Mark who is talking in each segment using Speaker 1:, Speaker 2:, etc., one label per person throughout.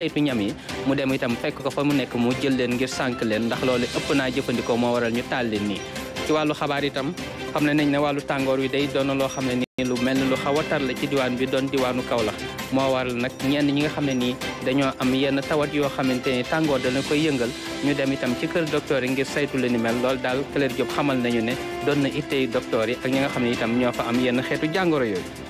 Speaker 1: saytu ñam yi mu dem itam fekk ko fa mu nekk mu jël leen ngir sànq leen ndax loole ëpp naa jëfandikoo moo waral ñu taal leen nii ci wàllu xabaar itam xam ne nañ ne wàllu tàngoor wi day doon loo xam ne nii lu mel ni lu xaw a tar la ci diwaan bi doon diwaanu Kaolack moo waral nag ñenn ñi nga xam ne nii dañoo am yenn tawat yoo xamante ni tàngoor dana koy yëngal ñu dem itam ci kër docteur yi ngir saytu la ni mel loolu daal Claire Diop xamal nañu ne doon na ittey docteur yi ak ñi nga xam ne itam ñoo fa am yenn xeetu jàngoro yooyu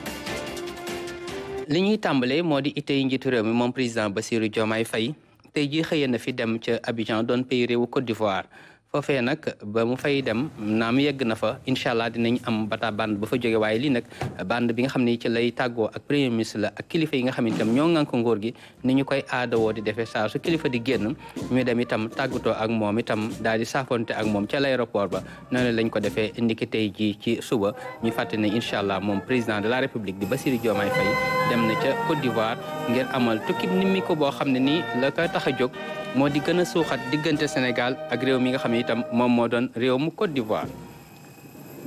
Speaker 1: li ñuy tàmbalee moo di itey njiitu mi moom président Bassirou Diomaye fay tey jii xëyee na fi dem ca Abidjan doon pays réewu Côte d'Ivoire fofé nak ba mu fay dem na mu yegg na fa inshallah dinañ am bata band bu fa joggé waaye li nak band bi nga xamni ci lay taggo ak premier ministre la ak kilifa yi nga xamni tam itam ñoo ngànk ngóor gi ni ñu koy wo di défé sa su kilifa di génn ñu dem itam tagguto ak mom itam di ak mom ci l'aéroport ba lañ ko defee ndiki tay ji ci suba ñu faté né inshallah mom président de la république di Bassirou diomay fay dem na ci Côte d'Ivoire ngir amal tukki nimiko bo xamni ni la ko taxajuk modi gëna soxat digënté Sénégal ak réew mi nga xamni ni itam moom moo doon réew mu Côte d'Ivoire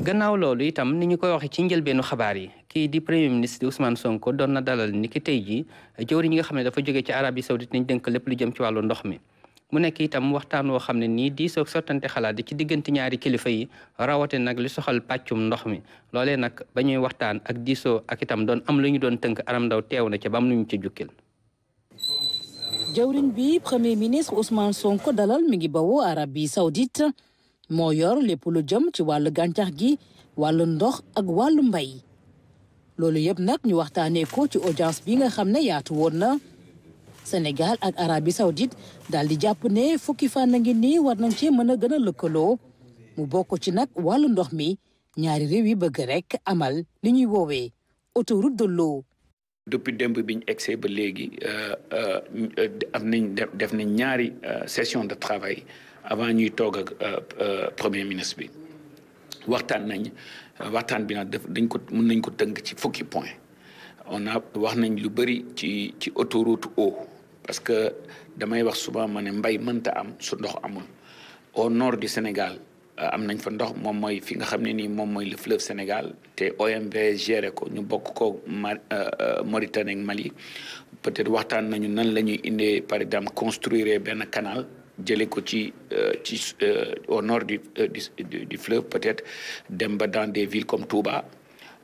Speaker 1: gannaaw loolu itam ni ñu koy waxee ci njëlbeenu xabaar yi kii di premier ministre Ousmane Sonko doon na dalal ni ki tey jii jëwriñ ñi nga xam ne dafa jóge ci Arabie Saoudite nañ dënk lépp lu jëm ci wàllu ndox mi mu nekk itam waxtaan woo xam ne nii di soog sottante xalaat di ci diggante ñaari kilifa yi rawate nag li soxal pàccum ndox mi loolee nag ba ñuy waxtaan ak diisoo ak itam doon am lu ñu doon tënk aram ndaw teew na ca bam nuñu ca jukkil
Speaker 2: jëwriñ bi premier ministre Ousmane Sonko dalal mi ngi bawoo Arabie Saoudite moo yor lépp lu jëm ci wàllu gàncax gi wàllu ndox ak wàllu mbay loolu yëpp nag ñu waxtaanee ko ci audience bi nga xam ne yaatu woon na Sénégal ak Arabie Saoudite daal di jàpp ne fukki fànn ngi ni war nañ ci mën a gën a lëkkaloo mu bokk ci nag wàllu ndox mi ñaari réew yi bëgg rekk amal li ñuy woowee
Speaker 3: autoroute de depuis démb bi ñu egsee ba léegi euh, euh, am nañ def nañ ñaari euh, session de travail avant ñuy toog ak premier ministre bi waxtaan nañ waxtaan bi nag def dañ ko mun nañ ko tënk ci fukki point on a wax nañ lu bëri ci ci autoroute eau parce que damay wax souvent ma ne mbay mënta am su ndox amul au nord du Sénégal Euh, am nañ fa ndox moom mooy fi nga xam ne nii moom mooy le fleuve Sénégal te OMV géré ko ñu bokk ko euh, euh, Mauritanie ak Mali peut-être waxtaan nañu nan la ñuy indee par exemple construire benn canal jëlee ko ci ci au nord du du fleuve peut-être dem ba dans des villes comme Touba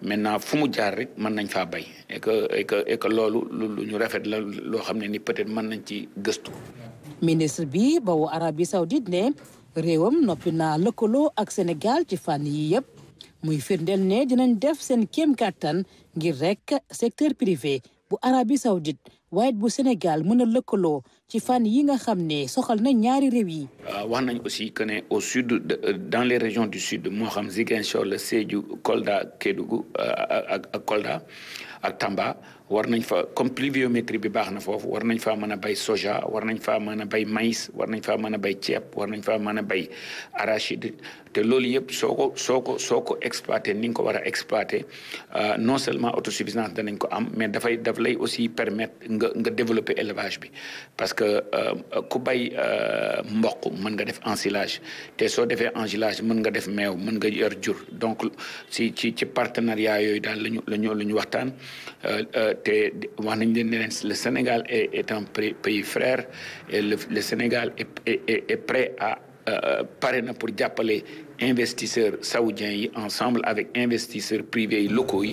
Speaker 3: maintenant fu mu jaar rek mën nañ faa bay et que et que et que loolu lu ñu rafet la loo xam ne ni peut-être mën nañ ci gëstu.
Speaker 2: ministre bi bawu Arabie Saoudite ne réewam noppi naa lëkkaloo ak Sénégal ci fànn yi yëpp muy firndeel ne dinañ def seen kéem kàttan ngir rek secteur privé bu Arabie Saoudite waaye bu Sénégal mën a lëkkaloo ci fànn yi nga xam ne soxal na ñaari réew yi.
Speaker 3: Euh, wax nañ aussi que ne au sud dans les régions du sud moo xam Ziguinchor le Sédhiou Kolda Kédougou euh, ak Kolda. Tamba war nañ fa comme pluviométrie bi baax na foofu war nañ faa mën a bay soja war nañ faa mën a bay maïs war nañ faa mën a bay ceeb war nañ faa mën a bay arachide te loolu yëpp soo ko soo ko soo ko exploité ni nga ko war a exploité euh, non seulement autosuffisance danañ ko am mais dafay daf lay aussi permettre nga nga développer élévage bi parce que euh, ku bay euh, mboq mën nga def ensilage te soo defee engilage mën nga def meew mën nga yor jur donc si ci ci partenariat yooyu daal lañu lañu la ñu waxtaan Euh, euh, le Sénégal est est un pays frère et le Sénégal est prêt à euh, parrainer pour appeler investisseurs saoudiens ensemble avec investisseurs privés locaux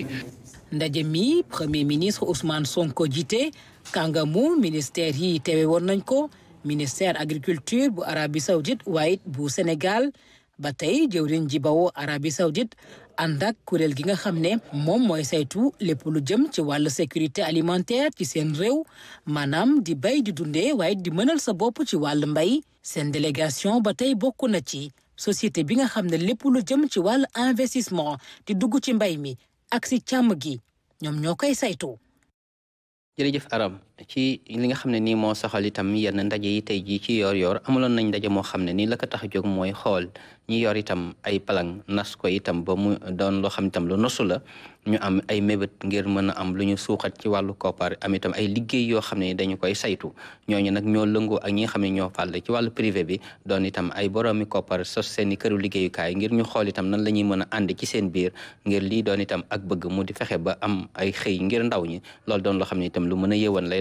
Speaker 2: premier ministre Ousmane Sonko jiite Kangamou, ministère yi teewe ministère agriculture bu Arabie Saoudite white bu Sénégal bataille Djourin Djibao, Arabie Saoudite ànd ak kuréel gi nga xam ne moom mooy saytu lépp lu jëm ci wàllu sécurité alimentaire ci seen réew maanaam di bay di dundee waaye di mënal sa bopp ci wàllu mbay seen délégation ba tey bokk na ci société bi nga xam ne lépp lu jëm ci wàllu investissement di dugg ci mbay mi ak si càmm gi ñoom ñoo koy saytu.
Speaker 1: jërëjëf Aram ci li nga xam ne nii moo soxal itam yenn ndaje yi tey jii ci yoor yoor amuloon nañ ndaje moo xam ne nii la ko tax a jóg mooy xool ñi yor itam ay palang nas ko itam ba mu doon loo xam itam lu nosu la ñu am ay mébét ngir mën a am lu ñu suuxat ci wàllu kopar am itam ay liggéey yoo xam ne dañu koy saytu ñooñu nag ñoo lëngoo ak ñi nga xam ne ñoo fàll ci wàllu privé bi doon itam ay boroomi koppar sos seen i këru liggéeyukaay ngir ñu xool itam nan la ñuy mën a ànd ci seen biir ngir lii doon itam bëgg mu di fexe ba am ay xëy ngir ndaw ñi loolu doon loo xam ne itam lu mën a yëwan lay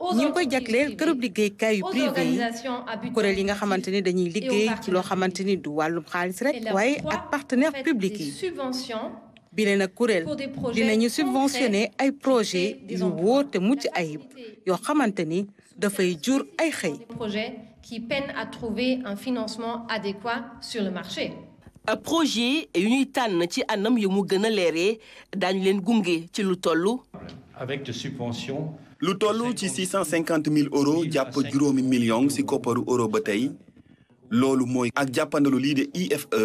Speaker 4: ñi ngi koy jagleel kërëb
Speaker 5: liggéeykaay kayu privé yi
Speaker 4: kuréel yi nga xamante
Speaker 5: ni dañuy liggéey ci loo xamante ni du wàllum xaalis rek waaye ak partenaire public yi bile nag kuréel dinañu subventionné ay projet yu wóor te mucc ayib yoo xamante ni dafay jur
Speaker 4: ay xëy. projet qui peine à trouver un financement adéquat sur le marché. projet yu ñuy tànn ci anam yu mu gën a leeree daañu leen gunge ci
Speaker 3: lu toll. avec de subventions
Speaker 6: lu toll ci six euros jàpp juróomi million si kopparu euro ba tey loolu mooy ak jàppandalu lii de IFE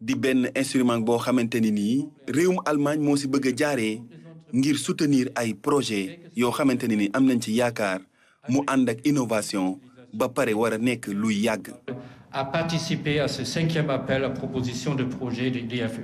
Speaker 6: di benn instrument boo xamante ni nii réewum Allemagne moo si bëgg a jaaree ngir soutenir ay projet yoo xamante ni am nañ ci yaakaar mu ànd ak innovation ba pare war a nekk luy yàgg.
Speaker 7: à participer à ce cinquième appel
Speaker 3: à proposition de projet de l'IFE.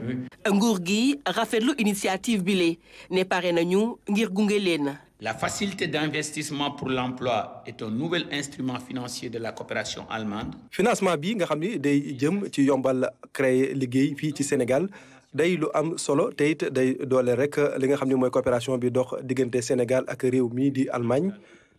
Speaker 4: nguur gi rafetlu initiative bi le ne pare nañu ngir gunge leen.
Speaker 3: La facilité d'investissement pour l'emploi est un nouvel instrument financier de la coopération allemande.
Speaker 8: financement bi nga xamni day jëm ci yombal créer liguey fi ci Sénégal day lu am solo te it day doole rek li nga coopération bi dox Sénégal ak réew mi di Allemagne.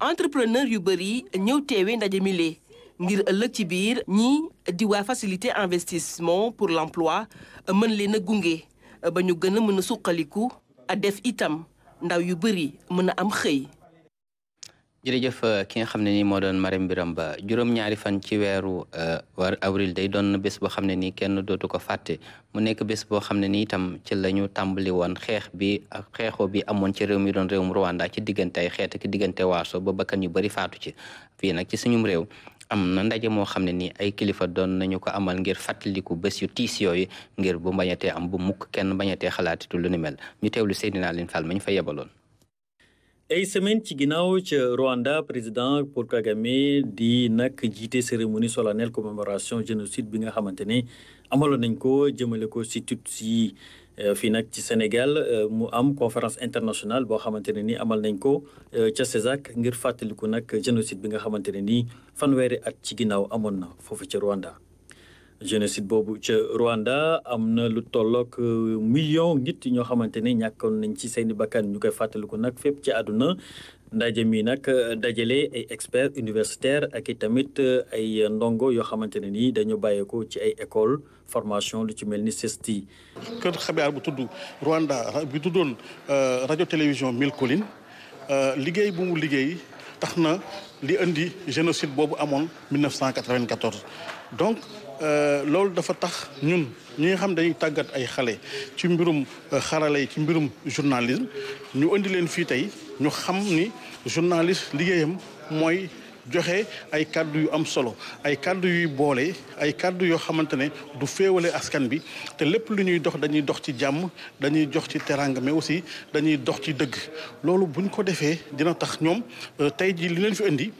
Speaker 4: entrepreneur yu bëri ñëw teewe ndaje mi lee ngir ëllëg ci biir ñi di waa facilité investissement pour l'emploi euh, mën leen a gunge euh, ba ñu gën a mën a suqaliku a def itam ndaw yu bëri mën a
Speaker 1: am xëy jërëjëf euh, ki nga xam ne nii moo doon Marème Birame Ba juróom-ñaari fan ci weeru euh, war avril day doon bés boo xam ne nii kenn dootu ko fàtte mu nekk bés boo xam ne nii itam ci la ñu tàmbali woon xeex bi ak xeexoo bi amoon ci réew mi doon réewum Rwanda ci diggante ay xeet ak diggante waaso ba bakkan yu bëri faatu ci fii nag ci suñum réew am na ndaje moo xam ne nii ay kilifa doon nañu ko amal ngir fàttaliku bés yu tiis yooyu ngir bu mbañatee am bu mukk kenn mbañatee xalaatitu lu ni mel ñu teewlu Seydina Aline Fall ma ñu fa yebaloon
Speaker 9: ay semaine ci ginnaaw ca Rwanda président Paul Kagame di nag jiite cérémonie solennelle commémoration génocide bi nga xamante ne amaloon nañ ko jëmale ko si tutsi yi euh, fii nag ci Sénégal euh, mu am conférence internationale boo xamante ne ni amal nañ ko euh, ca CESAC ngir fàttaliku nag génocide bi nga xamante ne ni fanweeri at ci ginnaaw amoon na foofu ci Rwanda. génocide boobu ca Rwanda am na lu tollook euh, million nit ñoo xamante ne ñàkkoon nañ ci seeni bakkan ñu koy ko nag fépp ci àdduna ndaje mi nag euh, dajale ay experts universitaire ak i tamit euh, ay ndongo yoo xamante ne nii dañu bàyyeekoo ci ay école formation lu ci mel ni CESTI. kër xabaar bu tudd Rwanda bi tuddoon rajo télévision Mille Collines
Speaker 10: liggéey bu mu liggéey tax na li indi génocide boobu amoon 1994 donc. Euh, loolu dafa tax ñun ñi xam dañuy tàggat ay xale ci mbirum euh, xarale yi ci mbirum journalisme ñu indi leen fii tey ñu xam ni journaliste liggéeyam mooy joxe ay kàddu yu am solo ay kàddu yuy boole ay kàddu yoo xamante ne du féewale askan bi te lépp lu ñuy dox dañuy dox ci jàmm dañuy jox ci teraanga mais aussi dañuy dox ci dëgg loolu buñ ko defee dina tax ñoom euh, tey jii li leen fi indi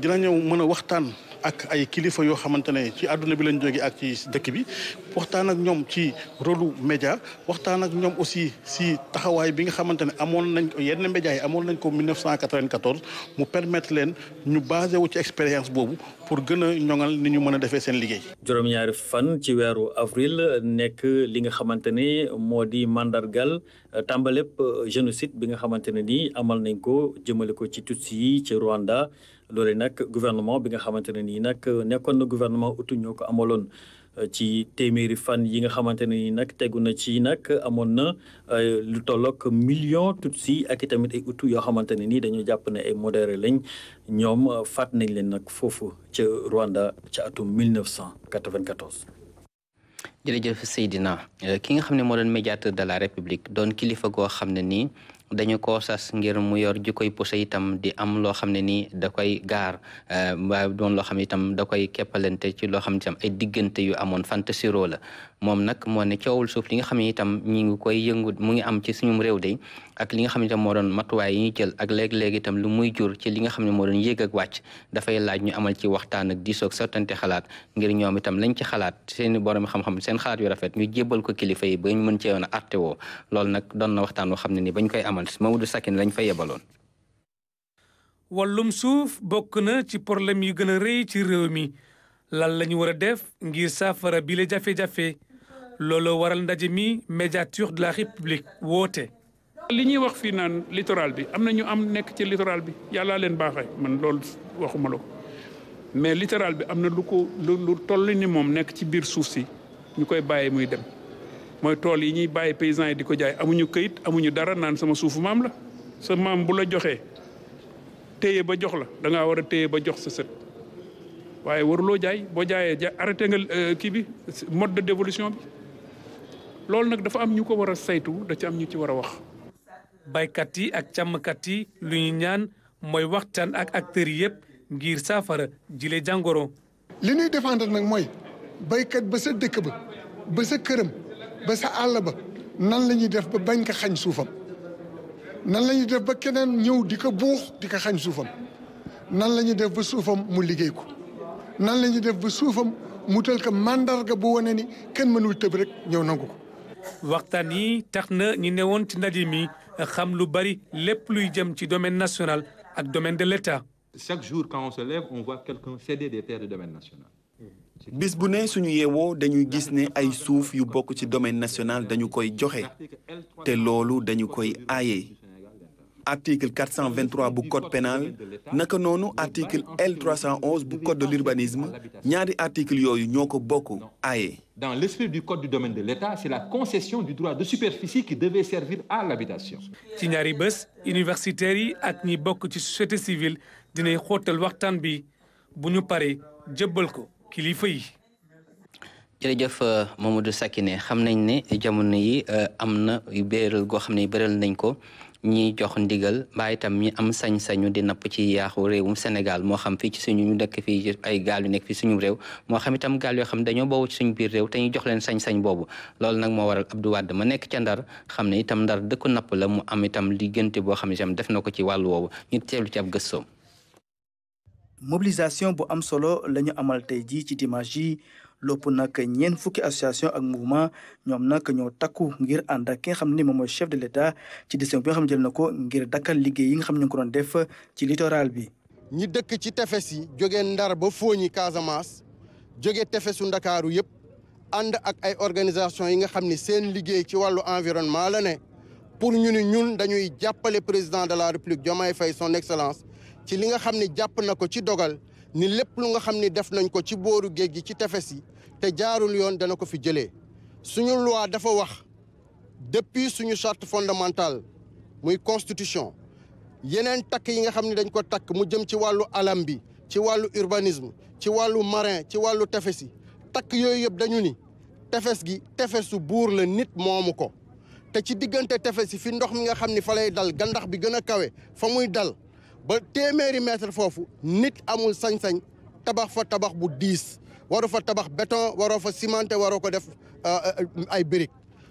Speaker 10: dina ñëw mën a waxtaan ak ay kilifa yoo xamante ne ci àdduna bi lañ jógee ak ci dëkk bi waxtaan ak ñoom ci rôlu média waxtaan ak ñoom aussi si taxawaay bi nga xamante ne amoon nañ ko yenn média yi amoon nañ ko 1994 mu permettre leen ñu basé wu ci expérience boobu pour gën a
Speaker 9: ñoŋal ni ñu mën a defee seen liggéey. juróom-ñaari fan ci weeru avril nekk li nga xamante ne moo di mandargal tàmbaleb génocide bi nga xamante ne ni amal nañ ko jëmale ko ci tutsi yi ci Rwanda. loole nag gouvernement bi nga xamante ne nii nag euh, nekkoon na gouvernement utu ñoo ko amaloon euh, ci téeméeri fan yi nga xamante ne nii nag tegu na ci nag amoon na lu tolloog million si ak i tamit ay utu yoo xamante ne nii dañoo jàpp ne ay modéré lañ ñoom euh, faat nañ leen nag foofu ca Rwanda ca atum 1994. jërëjëf Seydina
Speaker 1: ki nga xam ne moo doon médiateur de la République doon kilifa goo xam ne nii. dañu ko sas ngir mu yor jikkoy puso itam di am loo xam ne nii da koy gaar waaye eh, doon loo xam ne itam da koy keppalante ci loo xam ne itam ay diggante yu amoon fantasiro la moom nag moo ne coowul suuf li nga xam ne itam ñi ngi koy yëngu mu ngi am ci suñum réew day ak li nga xam ne itam moo doon matuwaay yi ñu jël ak léegi-léegi itam lu muy jur ci li nga xam ne moo doon yéeg ak wàcc dafay laaj ñu amal ci waxtaan ak diisoog sottante xalaat ngir ñoom itam lañ ci xalaat seeni borom xam-xam seen xalaat yu rafet ñu jébbal ko kilifa yi ba ñu mën cee woon a arte woo loolu nag doon na waxtaan woo xam ne ni bañ koy amal Mamadou Sakine lañ fa yebaloon
Speaker 7: wàllum suuf bokk na ci problème yu gën a rëy ci réew mi lan la ñu war a def ngir saafara bi le jafe-jafe looloo waral ndaje mi médiature de la république woote. li ñuy wax fii naan littoral bi am na ñu am nekk ci littoral bi yàllaa leen baaxee man loolu waxuma la mais littoral bi am na lu ko lu lu ni moom nekk ci biir suuf si ñu koy bàyyee muy dem mooy tool yi ñuy bàyyi paysans yi di ko jaay amuñu këyit amuñu dara naan sama suufu maam la sa maam bu la joxee téye ba jox la da ngaa war a téye ba jox sa sët. waaye waruloo jaay boo jaayee ja arrêté nga euh, kii bi mode de dévolution bi loolu nag dafa am ñu ko war a saytu da ci am ñu ci war a wax. baykat yi ak càmmkat yi lu ñaan mooy waxtaan ak acteurs yi yëpp ngir saafara jile jàngoro.
Speaker 10: li ñuy défendre nag mooy baykat ba sa dëkk ba ba sa këram ba sa àll ba nan la ñuy def ba bañ ko xañ suufam nan lañu ñuy def ba keneen ñëw di ko buux di ko xañ suufam nan lañu ñuy def ba suufam mu liggéey ko. nan la ñuy def ba suufam mu tal ko bu wane ni kenn mënul tëb rek ñëw nangu ko.
Speaker 7: waxtaan yi tax na ñi newoon ci ndaje mi xam lu bari lépp luy jëm ci domaine national ak domaine de l'État. chaque jour quand on se lève on voit quelqu'un céder national.
Speaker 6: bis bu ne suñu yeewoo dañuy gis ne ay suuf yu bokk ci domaine national dañu koy joxe te loolu dañu koy aaye. article 423 du code pénal naka noonu article L311 du code de l'urbanisme ñaari article yoyu ñoko ko bokk
Speaker 7: Dans l'esprit du code du domaine de l'État, c'est la concession du droit de superficie qui devait servir à l'habitation. ci ñaari bés universitaires yi ak ñi bokk ci société civile dinay xotal waxtan bi bu ñu paree jëbbal ko kilifa yi.
Speaker 1: jërëjëf euh, Mamadou Sakiné xam nañ ne jamono yi euh, am na yu beeral goo xam ne bëreel nañ ko. ñiy jox ndigal mbaa itam ñi am sañ-sañu di napp ci yaaxu réewum Sénégal moo xam fii ci suñu ñu dëkk fii ay gaal yu nekk fii suñu réew moo xam itam gaal yoo xam dañoo boobu ci suñu biir réew te ñu jox leen sañ-sañ boobu loolu nag moo waral Abdou Wade ma nekk ca Ndar xam ne itam Ndar dëkku napp la mu am itam liggéente boo xam ne itam def na ko ci wàllu woowu ñu teelu ci ab gëstoom
Speaker 11: mobilisation bu am solo la ñu amal tey jii ci dimanche lopp nag ñeen fukki association ak mouvement ñoom nag ñoo takku ngir ànd ak ki nga xam ne moom mooy chef de l'État ci décision bi nga xam ne ko ngir dakkal liggéey yi nga xam ne ñu ngi ko doon def ci bi. ñi dëkk ci tefes yi jógee Ndar ba Foñi Casamance
Speaker 10: jóge tefesu Ndakaaru yëpp ànd ak ay organisation yi nga xam ne seen liggéey ci wàllu environnement la ne pour ñu ni ñun dañuy jàppale président de la République Diomaye fay son excellence ci li nga xam ne jàpp na ko ci dogal. ni lépp lu nga xam ni def nañ ko ci booru géej gi ci tefes yi te jaarul yoon dana ko fi jëlee suñu loi dafa wax depuis suñu charte fondamentale muy constitution yeneen takk yi nga xam ni dañ ko takk mu jëm ci wàllu alam bi ci wàllu urbanisme ci wàllu marin ci wàllu tefes yi takk yooyu yëpp dañu ni tefes gi tefesu buur la nit moomu ko te ci diggante tefes yi fi ndox mi nga xam ni fa lay dal gandax bi gën a kawe fa muy dal ba téeméeri metre foofu nit amul sañsañ tabax fa tabax bu diis waru fa tabax béton waroo fa cimenté waroo ko def euh, euh, ay briques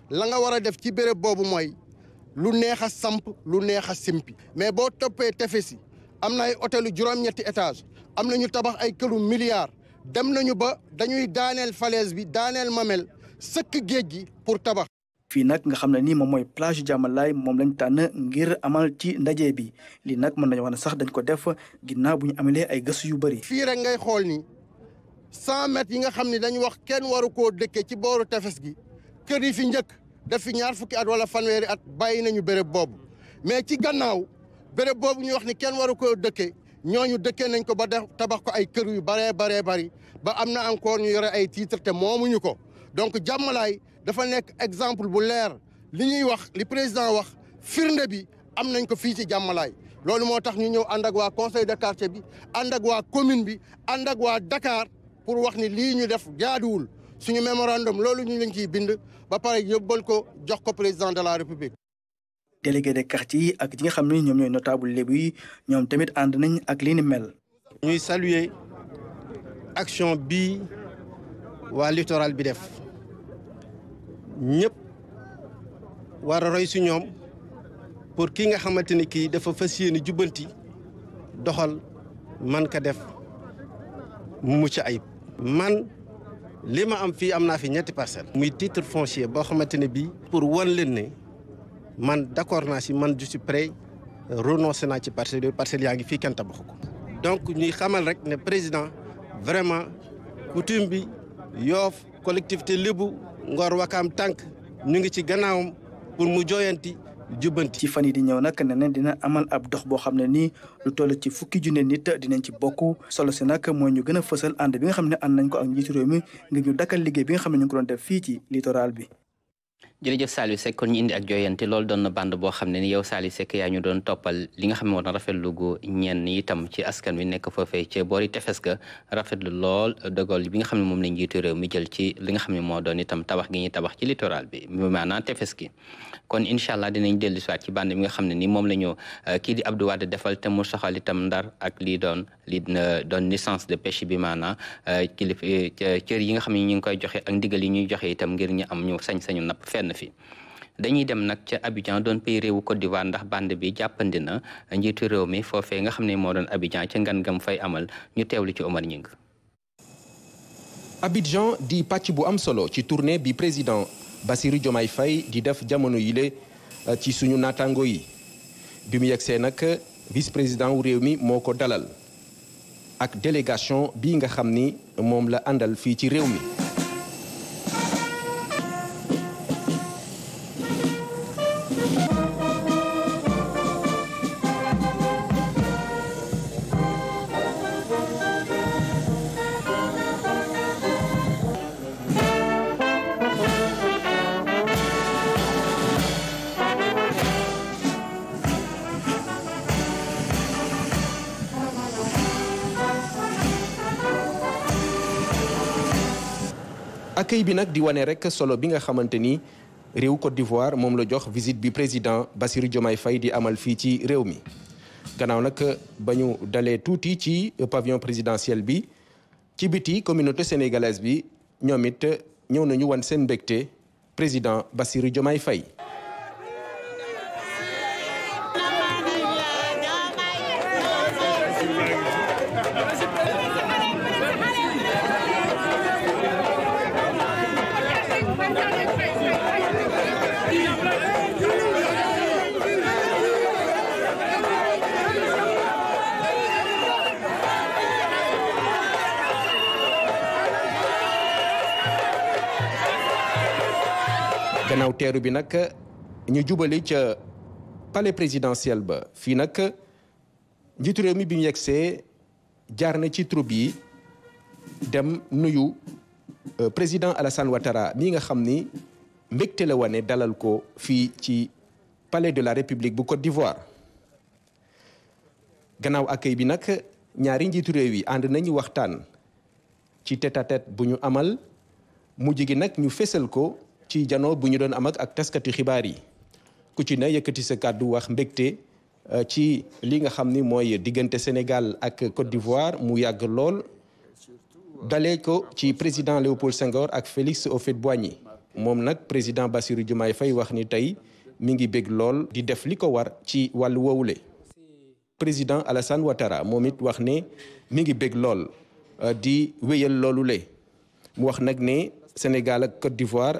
Speaker 10: la nga war a def ci béréb boobu mooy lu neex a samp lu neex a simpi. mais boo toppee tefes yi am na ay hôtelu juróom-ñetti étage am na ñu tabax ay këru milliards dem
Speaker 11: nañu ba dañuy daaneel falaise bi daaneel mamel sëkk géej gi pour tabax. fii nag nga xam ne nii moom mooy plage Diamalaye moom lañ tànn ngir amal ci ndaje bi lii nag mën nañu wax ne sax dañ ko def ginnaaw bu ñu amalee ay gëstu yu bëri.
Speaker 10: fii rek ngay xool ni cent yi nga xam ne dañu wax kenn waru koo dëkkee ci booru tefes gi kër yi fi njëkk def fi ñaar fukki at wala fanweeri at bàyyi nañu béréb boobu mais ci gannaaw béréb boobu ñu wax ni kenn waru koo dëkkee ñooñu dëkkee nañ ko ba def tabax ko ay kër yu baree baree bari ba am na encore ñu yore ay titre moomuñu ko dafa nekk exemple bu leer li ñuy wax li président wax firnde bi amnañ ko fi ci jàmmalaay loolu motax ñu ñëw ànd ak conseil de quartier bi ànd ak waa commune bi ànd ak Dakar pour wax ni li ñu def jaaduwul suñu mémorandum loolu ñu lañ ciy bind ba pare yóbbal ko
Speaker 11: jox ko président de la république. délégué de quartier ak ñi nga xam ne ñoom notable lébu yi
Speaker 12: ñom tamit and nañ ak li ni mel. ñuy saluer action bi wa littoral bi def. ñëpp war a roy si ñoom pour kii nga xamante ni kii dafa fas yéene jubbanti doxal man ka def mu mucc ayib. man li ma am fii am naa fi ñetti parcelle muy titre foncier boo xamante ne bii. pour wan leen ne man d'accord naa si man je suis prêt renoncé naa ci parcelle yooyu parcelle yaa ngi fii kenn tabaxu ko. donc ñuy xamal rek ne président vraiment coutume bi Yoff collectivité lébu Ngor Wakaam tànk ñu ngi ci gannaaw pour mu jooyanti jubbanti. ci fan yi di ñëw nag ne dina amal ab dox boo xam ne
Speaker 11: nii lu toll ci fukki junne nit dinañ ci bokk solo si nag mooy ñu gën a fësal ànd bi nga xam ne ànd nañ ko ak njiitu réew mi ngir ñu dakkal liggéey bi nga xam ne ñu ngi ko doon def fii ci littoral bi.
Speaker 1: jërëjëf Saliou Seck kon ñu indi ak jooyante loolu doon na band boo xam ne ni yow Saliou Seck yaa ñu doon toppal li nga xam ne war na rafetlu gu ñenn itam ci askan wi nekk foofee ca boori tefes rafetlu lool dogal bi nga xam ne moom la njiitu mi jël ci li xam ne moo doon itam tabax gi ñuy tabax ci littoral bi maanaam tefes gi kon incha allah dinañ dellu si ci bande bi nga xam ne ni moom la ñu euh, kii di Abdou Wade defal te mu soxal itam ndar ak lii doon lii doon licence de pêche bi maanaam euh, kilif euh, cër yi nga xam ne ñu ngi koy joxe ak ndigal yi ñuy joxe itam ngir ñu am ñu sañ-sañu napp fenn fenn fi dañuy dem nag ca Abidjan doon pays réewu Côte d'Ivoire ndax bande bi jàppandi na njiitu réew mi foofee nga xam ne moo doon Abidjan ca ngan gam fay amal ñu teewlu ci Omar Ñing
Speaker 13: Abidjan di pàcc bu am solo ci tournée bi président Bassirou diomay fay di def jamono yile euh, ci suñu naataango yi bi mu yegsee nag vice président wu réew mi moo ko dalal ak délégation bi nga xam ni moom la àndal fii ci réew mi nag di wane rek solo bi nga xamante ni réew Côte d'Ivoire moom la jox visite bi président Bassirou Diomaye fay di amal fii ci réew mi gannaaw nag ba ñu dalee tuuti ci pavillon présidentiel bi ci biti communauté sénégalaise bi ñoom it ñëw nañu wan seen mbégte président bassiri Diomaye fay gannaaw teeru bi nag ñu jubale ca palais présidentiel ba fii nag njiitu réew mi bi mu yegsee jaar na ci troupe yi dem nuyu euh, président Alassane Ouattara mii nga xam ni mbégte la wane dalal ko fii ci palais de la République bu Côte d'Ivoire gannaaw accueil bi nag ñaari njiitu réew yi ànd nañu waxtaan ci tête bu ñu amal mujj gi nag ñu fésal ko ci jano bu ñu doon am ak taskati xibaar yi ku ci ne yëkkati sa kàddu wax mbégte euh, ci li nga xam ni mooy diggante Sénégal ak Côte d'Ivoire mu yàgg lool dalee ko ci président Léopold Senghor ak Félix Houphouët-Boigny moom nag président Bassirou Diomaye fay wax ni tey mi ngi bég lool di def li ko war ci wàllu woowule président Alassane Ouattara moom it wax ne mi ngi bég lool euh, di wéyal loolu mu wax nag ne Sénégal ak Côte d'Ivoire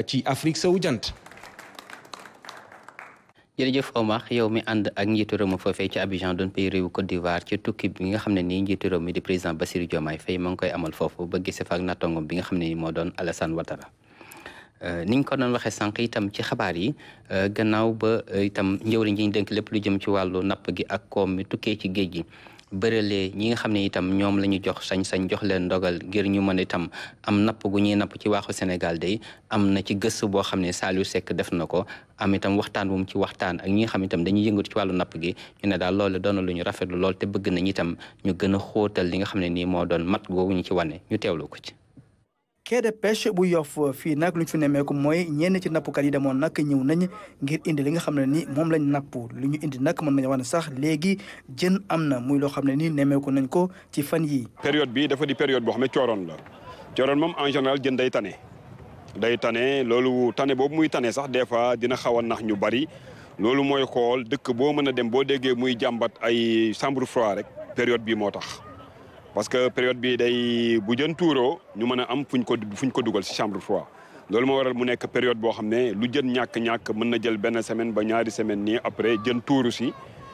Speaker 13: ci Afrique sow jant.
Speaker 1: jërëjëf Omar yow mi ànd ak njiitu réew mi foofee ci Abidjan doon pays réewu Côte d'Ivoire ci tukki bi nga xam ne nii njiitu réew mi di président Bassirou Diomaye Faye ma ngi koy amal foofu ba gisee fa ak nattangoom bi nga xam ne nii moo doon Alassane Ouattara. Euh, ni ñu ko doon waxee sànq itam ci xabaar yi euh, gannaaw ba euh, itam njëwriñ ji ñu dënk lépp lu jëm ci wàllu napp gi ak koom mi tukkee ci géej gi bëralee ñi nga xam ne itam ñoom la ñu jox sañ-sañ jox leen ndogal ngir ñu mën itam am napp gu ñuy napp ci waaxu Sénégal day am na ci gëstu boo xam ne Saliou sekk def na ko am itam waxtaan bu mu ci waxtaan ak ñi nga xam itam dañuy yëngatu ci wàllu napp gi ñu ne daal loolu doon lu ñu rafetlu lool te bëgg nañ itam ñu gën a xóotal li nga xam ne nii moo doon mat googu ñu ci wane ñu teewlu ko ci
Speaker 11: quai de bu Yoff uh, fii nag lu ñu fi nemmeeku mooy ñenn ci nappkat yi demoon nag ñëw nañ ngir indi li nga xam ne ni moom lañ napp lu ñu indi nag mën nañu wax ne sax léegi jën am na muy loo xam ne ni nemmeeku nañ ko ci fan yi
Speaker 14: période bi dafa di période boo xam ne cooroon la cooroon moom en général jën day tane day tane loolu tane boobu muy tane sax des fois dina xaw nax ñu bari loolu mooy xool dëkk boo mën a dem boo déggee muy jàmbat ay chambre froid rek période bi moo tax. parce que période bi day bu jën tuuroo ñu mën a am fuñ ko fuñ ko dugal si chambre froide loolu moo waral mu nekk période boo xam ne lu jën ñàkk-ñàkk mën na jël benn semaine ba ñaari semaine nii après jën tuuru si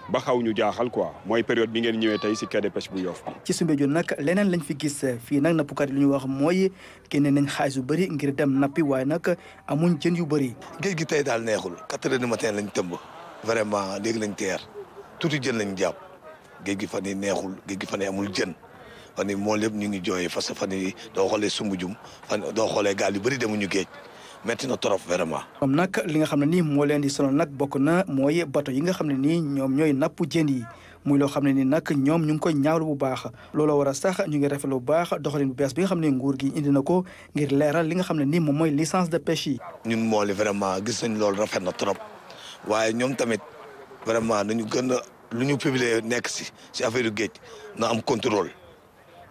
Speaker 14: ba xaw ñu jaaxal quoi mooy période bi ngeen ñëwee tey si quai de pêche bu Yoff
Speaker 11: ci Soumbédioune nag leneen lañ fi gis fi nag nappkat yi lu ñu wax mooy génne nañ xaalis yu bëri ngir dem nappi waaye nag amuñ jën yu bëri
Speaker 14: géej gi tey daal neexul
Speaker 6: quatre heures du matin lañ tëmb vraiment léegi lañ teer tuuti jën lañ jàpp géej gi fan neexul géej gi amul jën fan yi moom lépp ñu ngi jooyee parce que fan yi doo xoolee Sumbujum fan doo xoolee gaal yu bëri ñu géej metti na trop vraiment.
Speaker 11: moom nag li nga xam ne nii moo leen di sonal nag bokk na mooy bato yi nga xam ne nii ñoom ñooy napp jën yi muy loo xam ne nii nag ñoom ñu ngi koy ñaawlu bu baax looloo war a sax ñu ngi rafetlu bu baax doxalin bu bees bi nga xam ne nguur gi indi na ko ngir leeral li nga xam ne nii moom mooy licence de pêche yi.
Speaker 6: ñun mool yi vraiment gis nañ loolu rafet na trop waaye ñoom tamit vraiment nañu gën a lu ñu publier nekk si si affaire yu géej na am contrôle.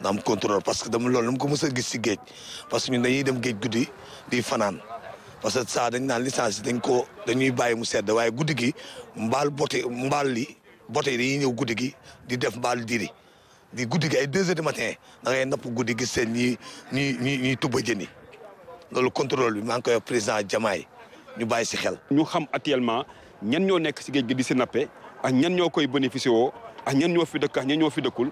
Speaker 6: na am parce que dama loolu na mu ko mës gis si géej parce que ñu dañuy dem géej guddi di fanaan parce que saa dañ naan licence dañ ko dañuy bàyyi mu sedd waaye guddi gi mbaal bote mbaal li bote yi dañuy ñëw guddi gi di def mbaal diri di guddi gi ay deux heures du matin napp guddi gi seen ñi ñi ñi
Speaker 14: ñuy tubba jëni loolu contrôle bi maa ngi koy wax président Diomaye ñu bàyyi si xel ñu xam actuellement ñan ñoo nekk si géej gi di si nappe ak ñan ñoo koy bénéficié woo ak ñan ñoo fi dëkk ak ñan ñoo fi dëkkul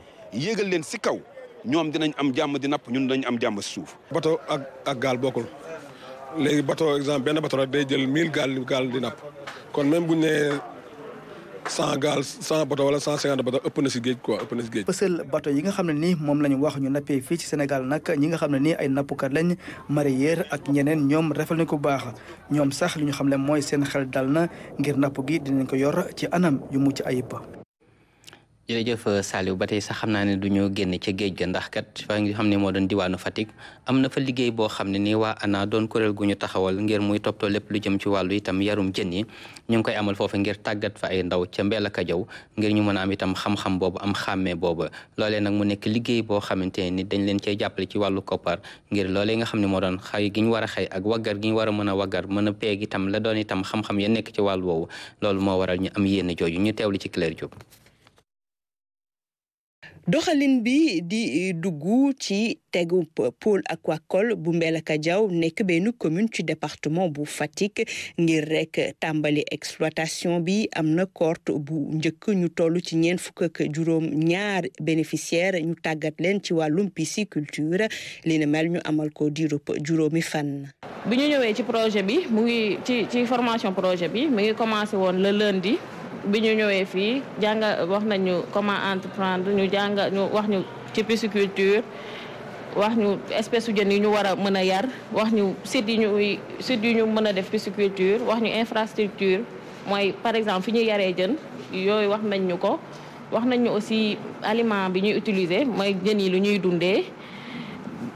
Speaker 14: yéegal leen si kaw ñoom dinañ am jàmm di napp ñun dinañ am jàmm si suuf. bato ak ak gaal bokkul léegi bato exemple benn bato rek day jël mille gaal gaal di napp kon même bu ñu nee cent gaal cent bato wala cent cinquante bato ëpp
Speaker 11: na si géej quoi ëpp na si géej. pësal bato yi nga xam ne nii moom lañu wax ñu nappee fii ci Sénégal nag ñi nga xam ne nii ay nappkat lañ mareyeur ak ñeneen ñoom rafetlu nañ ko baax ñoom sax li ñu xam ne mooy seen xel dal na ngir napp gi dinañ ko yor ci anam yu mucc ayib.
Speaker 1: jërëjëf euh, Saliou ba tey sax xam naa ne du ñu génn ca géej ga ndax kat fa nga xam ne moo doon diwaanu Fatick am na fa liggéey boo xam ne nii waa ANA doon kuréel gu ñu taxawal ngir muy toptoo lépp lu jëm ci wàllu itam yarum jën yi ñu ngi koy amal foofu ngir tàggat fa ay ndaw ca Mbella ngir ñu mën a am itam xam-xam boobu am xàmmee boobu loolee nag mu nekk liggéey boo xamante ni dañ leen cee jàppale ci wàllu koppar ngir loolee nga xam ne moo doon xay gi ñu war a xay ak waggar gi ñu war mën a waggar mën a peeg itam la doon itam xam-xam ya nekk ci wàllu woowu loolu moo waral ñu am yénn jooju ñu teewlu ci Claire Diop
Speaker 5: doxalin bi di eh, dugg ci tegu pôle aquacole bu Mbelaka jaw nekk benn commune ci département bu Fatick ngir rekk tàmbali exploitation bi am na cohorte bu njëkk ñu toll ci ñeent fukk ak juróom ñaar bénéficiaire ñu tàggat leen ci wàllum pisciculture li ne mel ñu amal ko diirub juróomi fan. bi ñu ñëwee ci projet bi mu ngi ci ci formation projet bi mu ngi commencé woon le lundi. bi ñu ñëwee fii jàngal wax nañ ñu comment entreprendre ñu jàngal ñu wax ñu ci pisciculture wax ñu espèce u jën yi ñu war a mën a yar wax ñu sites yi ñuy sites yi ñu mën a def pisciculture wax ñu infrastructure mooy par exemple fi ñuy yaree jën yooyu wax nañ ñu ko wax nañ ñu aussi aliment bi ñuy utiliser mooy jën yi lu ñuy dundee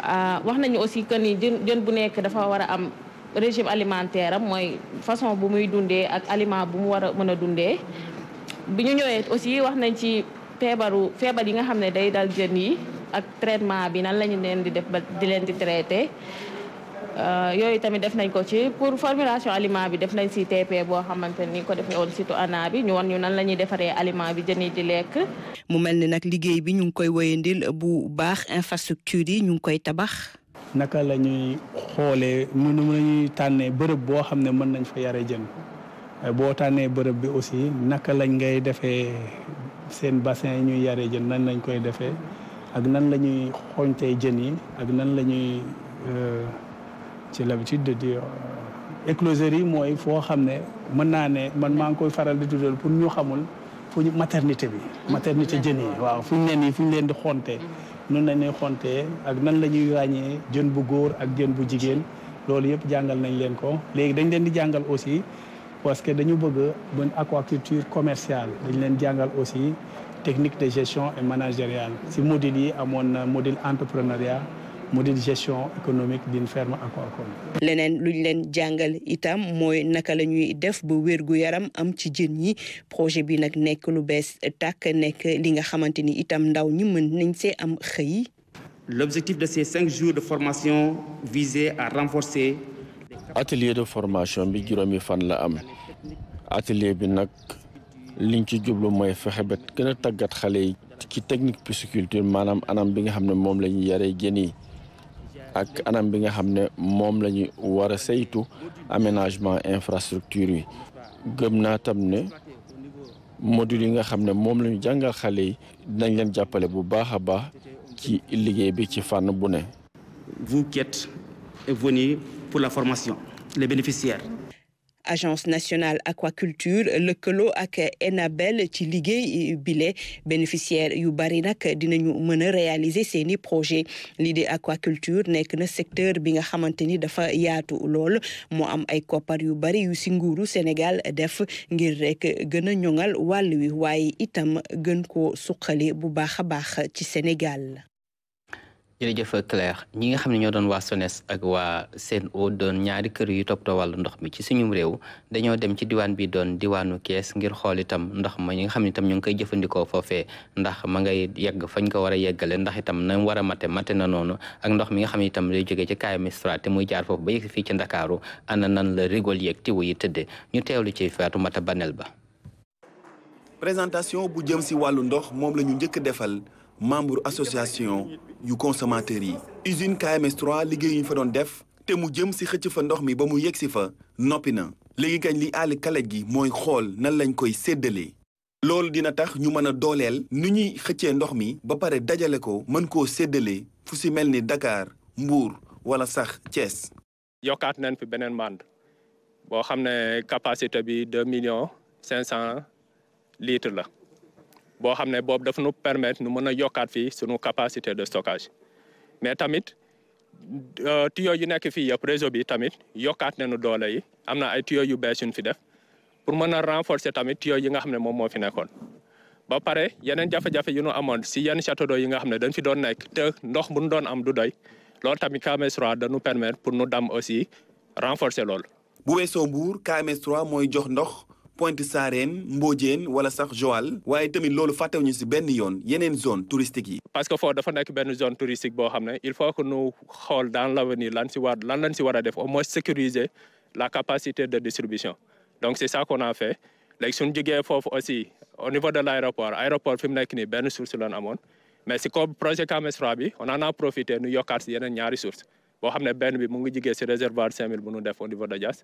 Speaker 5: ah, wax nañu aussi que ni jën jën bu nekk dafa war a am régime alimentaire am mooy façon bu muy dundee ak aliment bu mu war a mën a dundee bi ñu ñëwee aussi wax nañ ci feebaru feebar yi nga xam ne day dal jën yi ak traitement bi nan la ñu leen di def ba di leen di traité euh, yooyu tamit def nañ ko ci pour formulation aliment bi def nañ si TP boo xamante ni ko defee woon surtout ana bi ñu ñu nan lañuy defaree aliment bi jën yi di lekk. mu mel ni nag liggéey bi ñu ngi koy ndi bu baax infrastructure yi ñu ngi koy tabax.
Speaker 6: naka la ñuy xoolee nu la ñuy tànnee bërëb boo xam ne mën nañ fa yare jën eh, boo tànnee bërëb bi aussi naka lañ ngay defee seen bassin yi ñuy yare jën nan lañ koy defee ak nan la ñuy xooñtee jën yi ak nan la ñuy ci euh, l'habitude de dire euh, écloserie yi mooy foo xam ne mën naa ne man maa ngi koy faral di tuddal pour ñu xamul pour maternité bi mm-hmm. maternité jeune. waaw de di ak nan la bu ak bu loolu yépp jàngal nañ ko di jàngal parce que dañu bëgg bon aquaculture commerciale dañ jàngal aussi technique de gestion et managériale si module yi amoon modèle module mu di gestion économique d'une ferme aquacole.
Speaker 5: leneen luñ leen jàngal itam mooy naka la ñuy def ba wér yaram am ci jën yi projet bi nag nekk lu bees tàkk nekk li nga xamante ni itam ndaw ñi mën nañ see am xëy.
Speaker 7: L'objectif de ces cinq jours de formation
Speaker 13: visait à renforcer. atelier de formation bi juróomi fan la am atelier bi nag liñ ci jublu mooy fexe ba gën a tàggat xale yi ci technique pisciculture maanaam anam bi nga xam ne moom la ñu yaree jën yi ak anam bi nga xam mom moom wara ñu saytu aménagement infrastructure yi gëm naa tam ne module yi nga xam mom moom jangal xalé jàngal yi dinañ leen jappalé bu baax a baax ci liggéey bi ci fann bu ne.
Speaker 4: Vous qui êtes venus pour la formation,
Speaker 13: les bénéficiaires
Speaker 4: agence
Speaker 5: nationale aquaculture le Colo ak Enabel ci liggéey bile bénéficiaire yu bari nak dinañu mëna réaliser ces projet projets di aquaculture nek na secteur bi nga xamante dafa yaatu lool mo am ay copar yu bari yu Singuru Sénégal def ngir rek gëna ñongal itam gën ko suqali bu baaxa baax ci Sénégal.
Speaker 1: jërëjëf Claire ñi nga xam ne ñoo doon waa SONES ak waa SEN'EAU doon ñaari kër yu toppatoo wàllu ndox mi ci suñum réew dañoo dem ci diwaan bi doon diwaanu kees ngir xool itam ndox ma ñi nga xam ne itam ñu ngi koy jëfandikoo foofee ndax ma ngay yegg fañ ko war a yeggale ndax itam na war a mate mate na noonu ak ndox mi nga xam ne itam la jógee ci Kayes Mistra te muy jaar foofu ba yegg fii ci Ndakaaru ana nan la rigol yeeg tiwu yi tëddee ñu teewlu ci Fatou Mata Banel ba
Speaker 6: présentation bu jëm si membre association yu consommateurs yi usine KMS 3 liggéey ñu fa doon def te mu jëm si xëcc fa ndox mi ba mu yegg si fa noppi na léegi kañ li àll kalaj gi mooy xool nan lañ koy séddalee loolu dina tax ñu mën a dooleel nu ñuy xëccee ndox mi ba pare dajale ko mën koo séddale fu si mel ni dakaar Mbour wala sax
Speaker 15: Thiès. yokkaat nañ fi beneen mànd boo xam ne capacité bi million millions cinq cent litres la boo xam ne boobu dafa nu permettre nu mën a yokkaat fii suñu capacité de stockage mais tamit euh, tuyau yu nekk fii yëpp réseau bi tamit yokkaat nañu doole yi am na ay tuyo yu bees yu ñu fi def pour mën a renforcer tamit tuyau yi nga xam ne moom moo fi nekkoon. ba pare yeneen jafe-jafe yu nu amoon si yenn château d'eau yi nga xam ne dañ fi doon nekk te ndox bu nu doon am du doy loolu tamit KMS 3 dañu permettre pour nu dam aussi renforcer lool
Speaker 6: bu weesoo Mbour KMS 3 ndox. Pointe Sarène Mbodiène wala sax Joal waye tamit loolu fàttewuñu ci benn yoon yeneen zone touristique yi
Speaker 15: parce que fo dafa nek benn zone touristique bo xamné il faut que nous xool dans l'avenir lan ci war lan lan ci wara def au moins sécuriser la capacité de distribution donc c'est ça qu'on a fait léegi suñ jógee fofu aussi au niveau de l'aéroport aéroport fi mu nekk benn source lañ amone mais c'est comme projet Camestra bi on en a profité nous yokkat ci yeneen ñaari source bo xamné benn bi mu ngi jógee ci réservoir 5000 bu nu def au niveau de Diass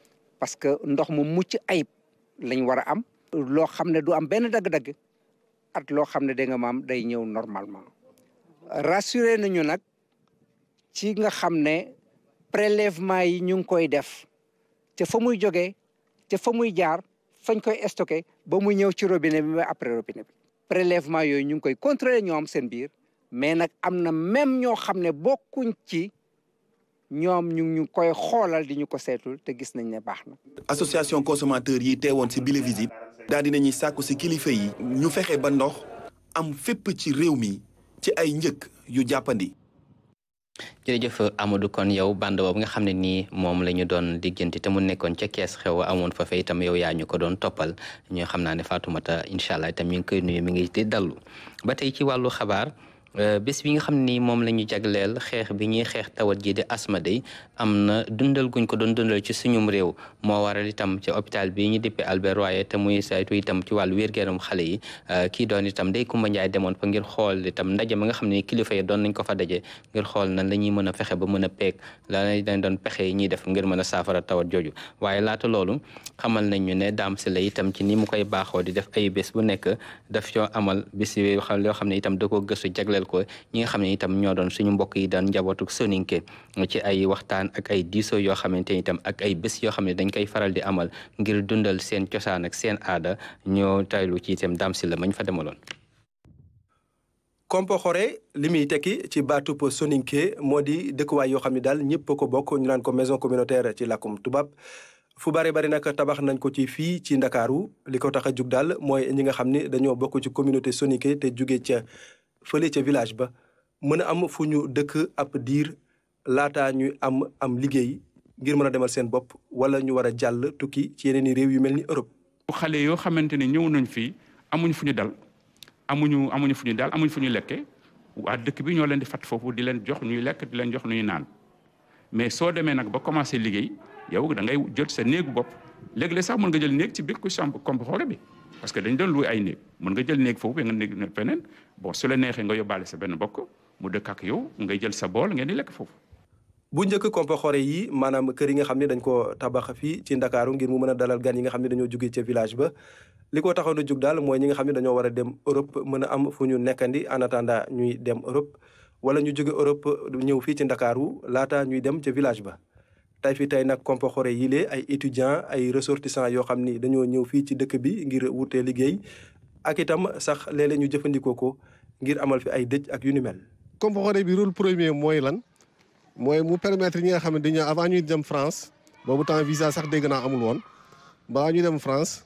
Speaker 13: parce que ndox mu mucc ayib lañ war a am. loo xam ne du am benn dagg-dagg at loo xam ne da nga maam day ñëw normalement. rassuré nañu nag ci nga xam ne prélèvement yi ñu ngi koy def te fa muy jógee te fa muy jaar fañ koy stocké ba muy ñëw ci robine bi mais après robinet bi. prélèvement yooyu ñu ngi koy contrôlé ñoo am seen biir mais nag am na même ñoo xam ne bokkuñ ci. ñoom ñu ñu koy xoolal di ñu ko seetul te gis nañ ne baax na.
Speaker 6: association consommateur yi woon ci bile visite daal dinañuy sàkku ci kilifa yi ñu fexe ba ndox am fépp ci réew mi ci ay njëkk yu jàppandi.
Speaker 1: jërëjëf Amadou kon yow band boobu nga xam ne nii moom la ñu doon diggante te mu nekkoon ca kees xew amoon fa fa itam yow yaa ñu ko doon toppal ñu xam naa ne Fatoumata incha allah itam ñu ngi koy nuyu mi ngi di dallu ba tey ci wàllu xabaar. Euh, bés bi nga xam ni moom la ñu jagleel xeex bi ñuy xeex tawat ji di asma day am na dundal guñ ko doon dundal ci suñum réew moo waral itam ci hôpital bi ñu dippe Albert Royer te muy saytu itam ci wàllu wér-gu-yaram xale yi euh, kii doon itam day Kumba Njaay demoon fa ngir xool itam ndaje ma nga xam ne kilifa doon nañ ko fa daje ngir xool nan la ñuy mën a fexe ba mën a peeg la lañ doon pexe yi ñuy def ngir mën a saafara tawat jooju waaye laata loolu xamal nañ ñu ne daam si ci ni mu koy baaxoo di def ay bés bu nekk daf yoo amal bis yoo xam ne itam da ko gëstu jagleel jagleel ko ñi nga xam ne itam ñoo doon suñu mbokk yi daan njabootuk soninke ci ay waxtaan ak ay diisoo yoo xamante ni itam ak ay bés yoo xam ne dañ koy faral di amal ngir dundal seen cosaan ak seen aada ñoo taylu ci itam Dame Sylla mañ fa demaloon
Speaker 8: kompoxore li muy tekki ci po soninke moo di dëkkuwaay yoo xam ne daal ñëpp ko bokk ñu naan ko maison communautaire ci làkkum tubaab fu bare bari nag tabax nañ ko ci fii ci ndakaaru li ko tax a jug daal mooy ñi nga xam ne dañoo bokk ci communauté soninké te jugee fële ca village ba mën a am fu ñu dëkk ab diir laataa ñu am am liggéey ngir mën a demal seen bopp wala ñu war a jàll tukki ci yeneen i réew yu mel ni Europe.
Speaker 7: xale yoo xamante ne ñëw nañ fii amuñ fu ñu dal amuñu amuñu fu ñu dal amuñ fu ñu lekke waa dëkk bi ñoo leen di fat foofu di leen jox ñuy lekk di leen jox ñuy naan mais soo demee nag ba commencé liggéey yow da ngay jot sa néegu bopp léeg-léeg sax mën nga jël néeg ci biir ku chambre comme bi. parce que dañ doon loué ay néeg mën nga jël néeg foofu nga néeg feneen bon su la neexee nga yóbbaale sa benn bokk mu dëkk ak yow ngay jël sa bool ngeen di lekk foofu bu njëkk kompa
Speaker 8: yi maanaam kër yi nga xam ne dañ ko tabax fii ci ndakaaru ngir mu mën a dalal gan yi nga xam ne dañoo jógee ca village ba li ko taxoon a jug daal mooy ñi nga xam ne dañoo war a dem europe mën a am fu ñu nekkandi en attendant ñuy dem europe wala ñu jóge europe ñëw fii ci ndakaaru laata ñuy dem ca village ba tay fi tey nag Kompo Xore yile ay étudiants ay ressortissants yo xamni ni dañoo ñëw fi ci dëkk bi ngir wutee liggéey ak itam sax léeg-léeg ñu jëfandikoo ko ngir amal fi ay dëj ak yu ni mel. Kompo Xore bi rôle premier moy lan moy
Speaker 10: mu permettre ñi nga xamni ne dañoo avant ñu dem France bobu temps visa sax dégg na amul woon ba ñu dem France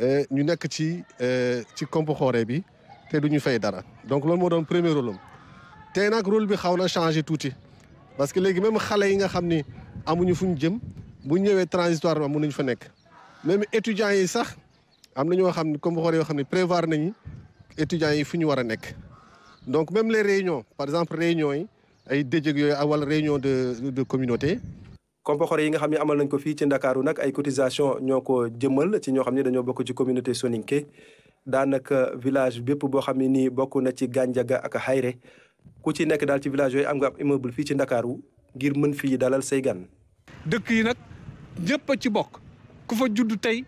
Speaker 10: eh, ñu nekk ci eh, ci Kompo Xore bi té duñu fay dara donc loolu moo doon premier rôle am tey nag rôle bi xaw na changé tuuti parce que léegi même xale yi nga xam ni amuñu fu jëm bu ñëwé transitoirement mun fa nek même étudiants yi sax am na ñoo xamni comme waxoon yoo xam ne prévoir nañu étudiants yi fuñu wara nek donc même les réunions par exemple réunions yi ay déjëg yooyu wala réunion de de communauté.
Speaker 8: comme compoxore yi nga xamni amal nañ ko fi ci ndakaaru nak ay cotisation ñoko ko ci ñoo xamni ne dañoo bokk ci communauté soninké danaka village bépp bo xamni ni bokku na ci ganjaga ak Xayre ku ci nek dal ci village yooyu am nga ab immeuble fi ci ndakaaru ngir mën fi dalal say gan dëkk yi nag ñëpp a ci bokk ku fa judd tey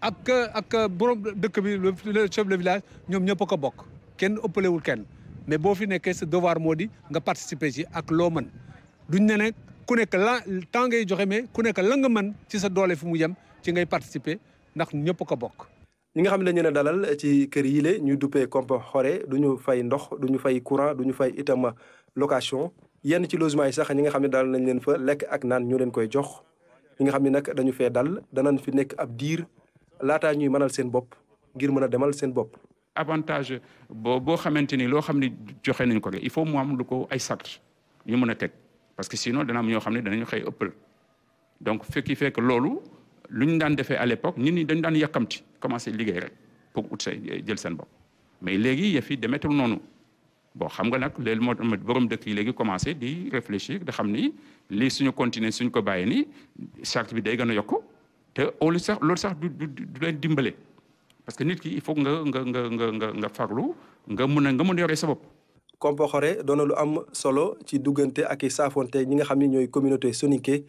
Speaker 8: ak ak borom dëkk bi le chef de village ñoom ñëpp ko bokk kenn ëppalewul kenn mais boo fi nekkee sa devoir moo di nga participer ci ak loo mën duñ ne nag ku nekk la temps ngay joxe mais ku nekk la nga mën ci sa doole fi mu yem ci ngay participer ndax ñëpp ko bokk. ñi nga xam ne ñu ne dalal ci kër yi la ñu duppee compo xore du ñu fay ndox du ñu fay courant du ñu fay itam location yenn ci logement yi sax ñi nga xam ne daal nañ leen fa lekk ak naan ñu leen koy jox ñi nga xam ne nag dañu fee dal danañ fi nekk ab diir laata ñuy manal
Speaker 7: seen bopp ngir mën a demal seen bopp. avantage boo boo xamante ni loo xam ne joxe nañ ko il faut mu am lu ko ay sart ñu mën a teg parce que sinon dana am ñoo xam ne danañu xëy ëppal donc fekki fekk loolu lu ñu daan defee à l'époque nit ñi dañu daan yàkkamti commencé liggéey rek pour ut say jël seen bopp mais léegi ya fi demetul noonu bon xam nga nak loolu moo tax borom dëkk yi léegi commencé di réfléchir de xam ni lii suñu continuer suñ ko bàyyi nii charte bi day gëna a yokku te loolu sax loolu sax du du leen dimbalé parce que nit ki il faut nga nga nga nga nga nga farlu nga mun a nga mun a yore sa bopp.
Speaker 8: Kompoxore doona lu am solo ci duggante ak safonté ñi nga xam ni ñooy communauté soninké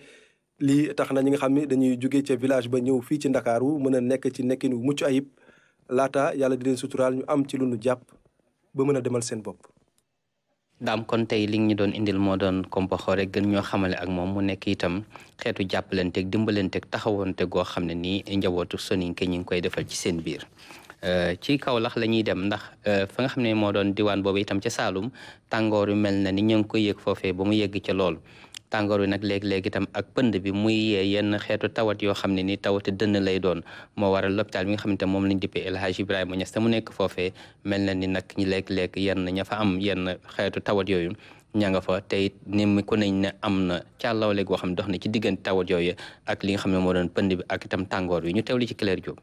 Speaker 8: li tax na ñi nga xam ni dañuy juggé ci village ba ñëw fi ci Ndakaaru mën a nekk ci nekkin wu mucc ayib laata yalla di leen sutural ñu am ci lu nu jàpp. bo mën a demal seen bopp.
Speaker 1: daam kon tey li ñu doon indil moo doon Kompa Xore gën ñoo xamale ak moom mu nekk itam xeetu jàppalanteeg dimbalanteeg taxawante goo xam ne nii njabootu Soninké ñu ngi koy defal ci seen biir. Euh, ci Kaolack la ñuy dem ndax euh, fa nga xam ne moo doon diwaan boobu itam ca Saalum tàngoor yu mel na ni ñu ngi koy yëg foofee ba mu yëgg ca lool. tàngoor wi nag léegi-léegi itam ak pënd bi muy yee yenn xeetu tawat yoo xam ne ni tawat dënn lay doon moo waral l'hôpital bi nga xam ne moom lañ dippee El Hadj Ibrahima Niass te mu nekk foofee mel na ni nag ñi léeg-léeg yenn ña fa am yenn xeetu tawat yooyu ña nga fa te it ni mu ko nañ ne am na càllawle goo xam ne dox na ci diggante tawat yooyu ak li nga xam ne moo doon pënd bi ak itam tàngoor wi ñu teewli ci clair Diop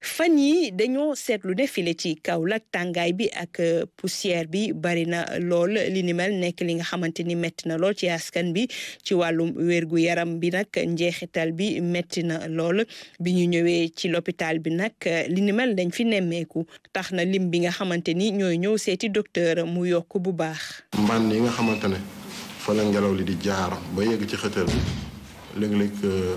Speaker 5: fan yi dañoo seetlu ne file ci kaw Kaolack tàngaay bi ak euh, poussière bi bari na lool li ni nekk li nga xamante ni métti na lool ci askan bi ci wàllum wérgu yaram bi nag njeexital bi métti na lool bi ñu ñëwee ci l'hôpital bi nag euh, li ni mel dañ fi nemmeeku tax na lim bi nga xamante ni ñooy ñëw seeti docteur mu yokk bu baax.
Speaker 16: mban yi nga xamante ne la ngelaw li jaar ba yegg ci xëtër bi léeg-léeg euh,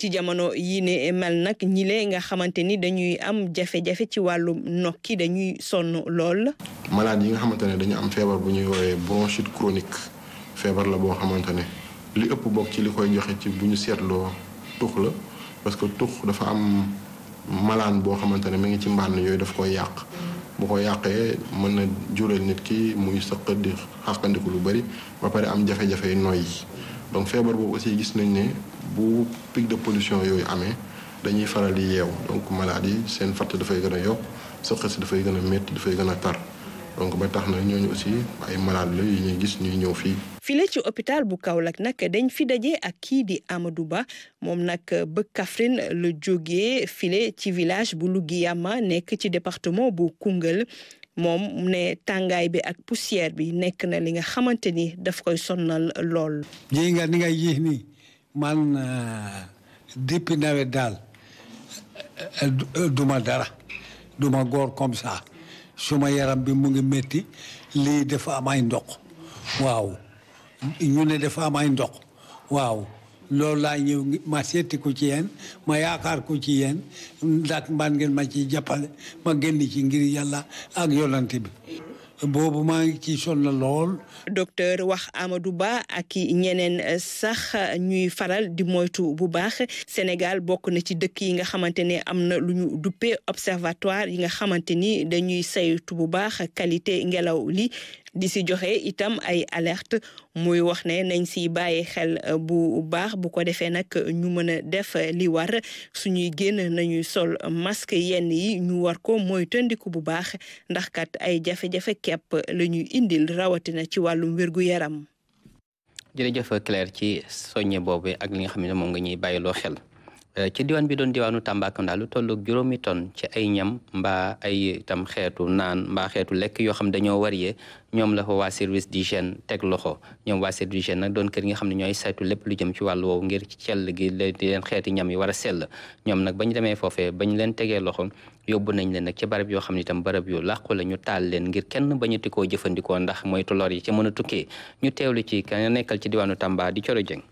Speaker 5: ci jamono yii ne mel nag ñile nga xamante ni dañuy am jafe-jafe ci wàllu nokki dañuy sonn lool.
Speaker 16: malade yi nga xamante ne dañu am feebar bu ñuy woowee bronchite chronique feebar la boo xamante ne li ëpp book ci li koy joxe ci bu ñu seetloo tux la parce que tux dafa am malaan boo xamante ne mi ngi ci mbànn yooyu daf koy yàq. bu ko yàqee mën na jural nit ki muy sëq xàqandiku lu bari ba pare am jafe-jafe nooy donc feebar boobu aussi gis nañ ne. bu pic de pollution yooyu amee dañuy faral di yeew donc maladie seen fatte dafay gën a yokk sa xës dafay gën a métti dafay gën a tar donc ba tax na ñooñu aussi ay malade la yu ñuy gis ñuy ñëw fii
Speaker 5: file ci hôpital bu Kaolack nag dañ fi daje ak kii di Amadou Ba moom nag ba Kaffrine la jógee file ci village bu Lugiyama nekk ci département bu Koungheul moom ne tàngaay bi ak poussière bi nekk na li nga xamante ni daf koy sonnal lool. Jii nga ni ngay yéex nii man euh, depuis nawet daal
Speaker 6: euh, euh, duma dara duma góor comme ça suma yaram bi mu ngi metti lii dafa am ay ndox waaw ñu ne dafa am ay ndox waaw loolu laa ñëw ma seeti ko ci yéen ma yaakaar ko ci yéen
Speaker 5: ndax man ngeen ma ci jàppale ma génn ci ngir yàlla ak yolante bi boobu maa ngi ciy sonna lool. docteur wax Amadou Ba ak ñeneen eh, sax ñuy faral di moytu bu baax Sénégal bokk na ci dëkk yi nga xamante ne am na lu ñu duppee observatoire yi nga xamante ni dañuy saytu bu baax qualité ngelaw li di si joxe itam ay alerte muy wax ne nañ si bàyyi xel euh, bu baax bu ko defee nag euh, ñu mën a def euh, li war suñuy génn nañuy sol masque yenn yi ñu war ko mooy tëndiku bu baax ndax kat ay jafe-jafe kepp la ñuy indil rawatina ci wàllum wérgu yaram.
Speaker 1: jërëjëf Claire ci soññe boobu ak li nga xam ne moom nga ñuy loo xel. Eh, ci diwaan bi doon diwaanu Tambacounda lu toll juróomi tonne ci ay ñam mba ay itam xeetu naan mbaa xeetu lekk yoo xam dañoo wariyee ñoom la fo waa service di d'hygiène teg loxo ñoom waa service d'hygiène nag doon kër nga xam ne ñooy saytu lépp lu jëm ci wàllu woowu ngir sell gi di leen xeeti ñam yi war a sell ñoom nag bañ demee foofe bañ leen tegee loxo yóbbu nañ leen nag ci barab yoo xam ne itam barab yu làqu la ñu taal leen ngir kenn bañati koo jëfandikoo ndax moytu lor yi ci mën a tukkee ñu teewlu ci ka nekkal ci diwaanu Tamba di Coro Jeng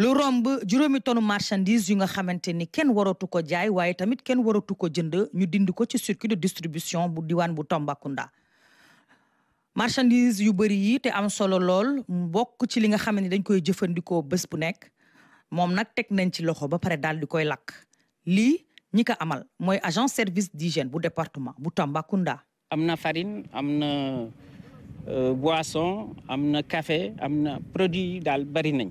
Speaker 17: lu romb juróomi tonu marchandise yu nga xamante ni kenn waratu ko jaay waaye tamit kenn waratu ko jënd ñu dindi ko ci circuit de distribution bu diwaan bu Tambacounda marchandise yu bëri yi te am solo lool bokk ci li nga xam ne dañ koy jëfandikoo bés bu nekk moom nag teg nañ ci loxo ba pare daal di koy lakk lii
Speaker 4: ñi ko amal mooy agent service d'hygiène bu département bu Tambacounda. am na farin am na euh, boisson am na café am na produit daal bëri nañ.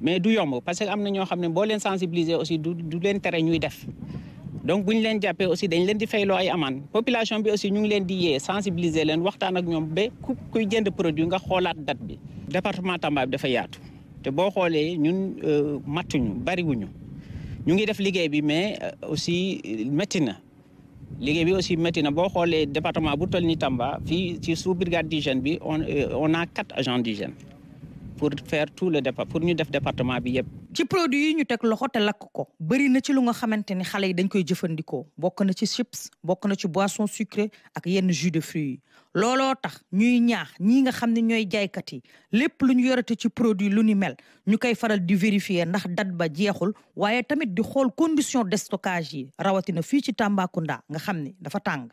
Speaker 4: mais du yomb parce que am na ñoo xam ne boo leen sensibiliser aussi du du leen tere ñuy def donc bu ñu leen jàppee aussi dañ leen di fayloo ay amende population bi aussi ñu ngi leen di yee sensibiliser leen waxtaan ñoom be ku kuy jënd produit nga xoolaat dat bi. département Tamba bi dafa yaatu te boo xoolee ñun euh, mattuñu bariwuñu ñu ngi def liggéey bi mais euh, aussi euh, métti na liggéey bi aussi métti na boo xoolee département bu toll ni Tamba fi ci sous brigade d'hygiène bi on on a quatre agents d'hygiène pour faire tout le départ pour ñu def département bi yëpp. ci produit yi ñu tek loxo te lakk ko bëri na ci lu nga xamanteni
Speaker 17: xalé yi dañ koy jëfandikoo bokk na ci chips bokk na ci boisson sucrée ak yenn jus de fruits Lolo tax ñuy ñaax ñi nga xamni ñoy ñooy kat yi lepp lu ñu yorate ci produit lu ni mel ñu koy faral di vérifier ndax date ba jeexul waye tamit di xol condition de stockage yi rawatina fii ci Tambacounda nga xamni dafa tang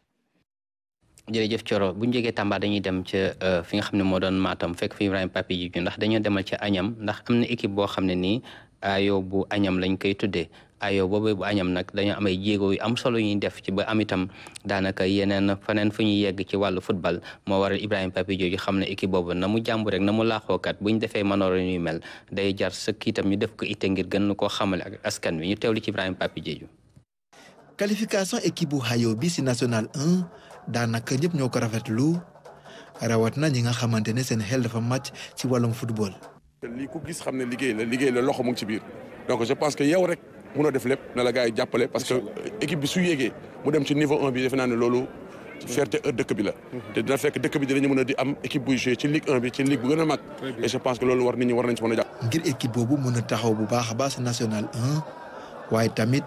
Speaker 1: jërëjëf Coro bu ñu jógee Tamba dañuy dem ca euh, fi nga xam ne moo doon Matam fekk fi Ibrahima Papi ji ndax dañoo demal ca Agnam ndax am na équipe boo xam ne nii ayoo bu Agnam lañ koy tuddee ayoo boobu bu Agnam nag dañoo am ay jéego yu am solo ñuy def ci ba am itam daanaka yeneen faneen fu ñuy yegg ci wàllu football moo waral Ibrahima Papi jooju xam ne équipe boobu na mu jàmb rek na mu laaxookat bu ñu defee manoor ñuy mel day jar sëkk itam ñu def ko ite ngir gën koo xamale ak askan wi ñu teewlu ci Ibrahima Papi jooju
Speaker 12: daanaka ñëpp ñoo ko rafetlu rawat na ñi nga xamante ne seen xel dafa màcc ci wàllum football.
Speaker 14: te lii ku gis xam ne liggéey la liggéey la loxo mu ngi ci biir donc je pense que yow rek munoo def lépp na la gars yi jàppale parce que équipe bi su yéegee mu dem ci niveau 1 bi defe naa ne loolu. Mm-hmm. fierté dëkk bi la. Mm-hmm. te dina fekk dëkk bi dañu mën a di am équipe buy joué ci Ligue 1 bi ci ligue bu gën a mag. et je pense que loolu war nit ñi war nañ ci
Speaker 12: mën a jàpp. ngir équipe boobu mën a taxaw a waaye tamit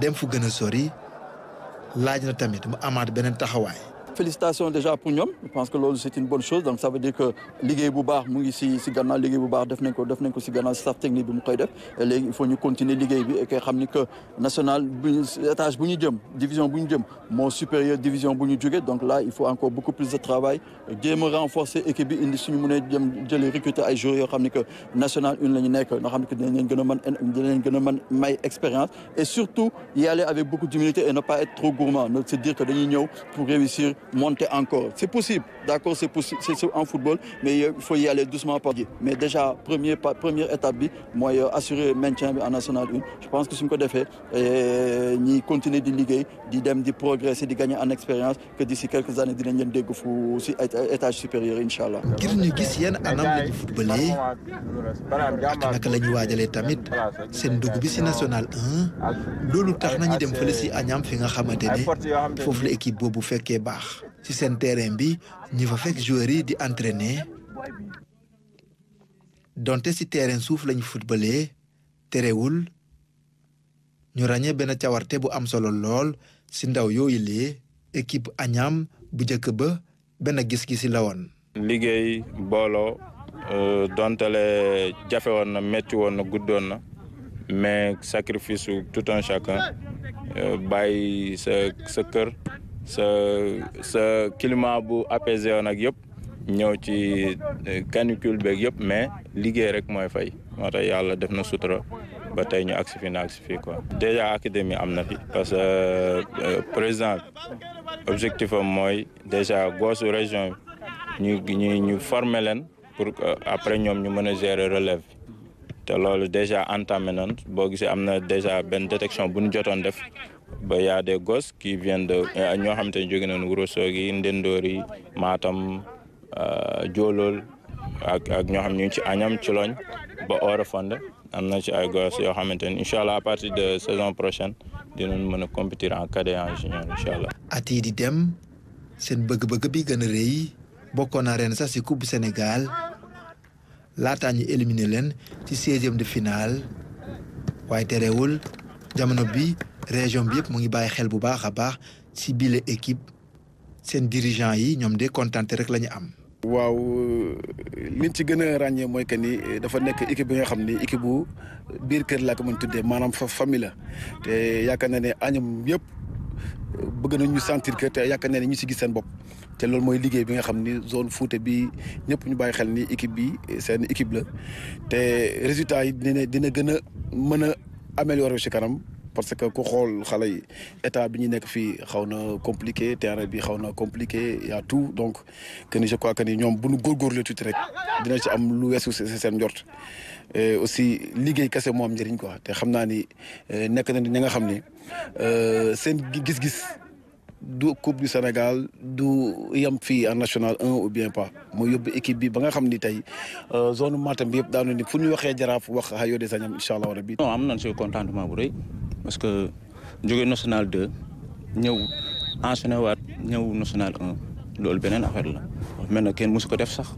Speaker 12: dem fu gën a sori. laaj na tamit mu amaat beneen taxawaay félicitations
Speaker 11: déjà pour ñoom je pense que c'est une bonne chose donc ça veut dire que Ligue bu baax mu ngi si si gannaaw liggéey bu baax def nañ ko def nañ ko si gannaaw staff technique bi mu def il faut ñu continuer Ligue bi et que xam que national étage bu jëm division bu ñu jëm supérieur division bu donc là il faut encore beaucoup plus de travail jéem renforcer équipe bi indi suñu mënee jëm jëli recruter ay joueurs yoo que national une ligne ñu nekk nga que des leen gën a mën dinañ may expérience et surtout y aller avec beaucoup d'humilité et ne pas être trop gourmand c'est dire que dañuy ñëw pour réussir monter encore. C'est possible, d'accord, c'est possible, c'est en football, mais il faut y aller doucement par Mais déjà, premier, première étape, moi, euh, assurer le maintien en National 1. Je pense que ce qu'on a fait, ni continuer de liguer, de progresser, de gagner en expérience, que d'ici quelques années, nous allons découvrir aussi étage supérieur, Inch'Allah. ngir ñu en yan de la ñu footballee
Speaker 12: ak tamit seen dugg bi si National 1 loolu tax nañu dem fële si Agnam fi nga xamante ne équipe boobu fekkee baax. ci seen terrain bi ñu fa fekk joueurs yi di entraîner donte ci terrain suuf lañu footballé terewul ñu ràññee benn cawarte bu am solo lool ci ndaw yooyu lee équipe añaam bu njëkk ba benn gis-gisi la woon.
Speaker 18: liggéey booloo euh, dontale jafe woon na metti woon na guddoon na mais sacrifice tout un chacun euh, bàyyi sa sa kër. ce sa climat bu apaisé woon ak yëpp ñëw ci eh, canicule beeg yop mais l'igue rek moy fay moo yalla def na sutura ba tay ñu agsi fi na agsi quoi déjà académie amna fi parce que eh, président objectif am mooy déjà goosu région ñu ñu ñu former leen pour que euh, après ñom ñu mën gérer relève te lolu déjà entamé nañ bo gisee amna déjà ben détection bu ñu jotoon def ba y a des gosses qui viennent de euh, ñoo xamante ne jóge nañu Ourossogui Ndendori Matam euh, Joolol ak ak ñoo xam ñu ci Agnam ci Logn ba Orefondé am na ci ay gosses yoo xamante ne incha allah à partir de saison prochaine dinañ mën a compétir en cadet en junior incha allah.
Speaker 12: atii di dem seen bëgg-bëgg bi gën a rëy bokkoon na ren sax si coupe Sénégal laataa ñu éliminé leen ci seizième de finale waaye terewul jamono bi. région bi yëpp mu ngi bàyyi xel bu baax a baax ci bile équipe seen dirigeant yi ñoom de kontante rek la ñu am.
Speaker 6: waaw liñ ci gën a ràññee mooy que ni dafa nekk équipe bi nga xam ni équipe bu biir kër laa ko mën tuddee maanaam fa famille te yaakaar na ne añam yëpp bëgg nañ ñu sentir que te yaakaar na ne ñu si gis seen bopp. te loolu mooy liggéey bi nga xam ni zone Fouta bi ñëpp ñu bàyyi xel ni équipe bi seen équipe la te résultat yi dina dina gën a mën a améliorer ci kanam. parce que ku xool xale yi état bi ñu nekk fii xaw na compliqué terrain bi xaw na compliqué y a tout donc que ni je crois que ni ñoom bu nu góorgóorlu tuuti rek dina ci am lu weesu seen njort et aussi liggéey kese moo am njëriñ quoi te xam naa ni euh, nekk na ñi nga xam ni euh, seen gis-gis. du coupe du Sénégal du yem fi en national 1 ou bien pas mo yóbbu équipe bi ba nga xamni tay euh, zone Matam bi yëpp daanu
Speaker 18: ni fu ñu waxee jaraaf wax Hayo des Agnam incha allah rabi. non am nañ si contentement bu reuy parce que jóge national 2 ñew enchaîné waat ñew national 1 loolu benen affaire la mais na kenn mësu ko def sax.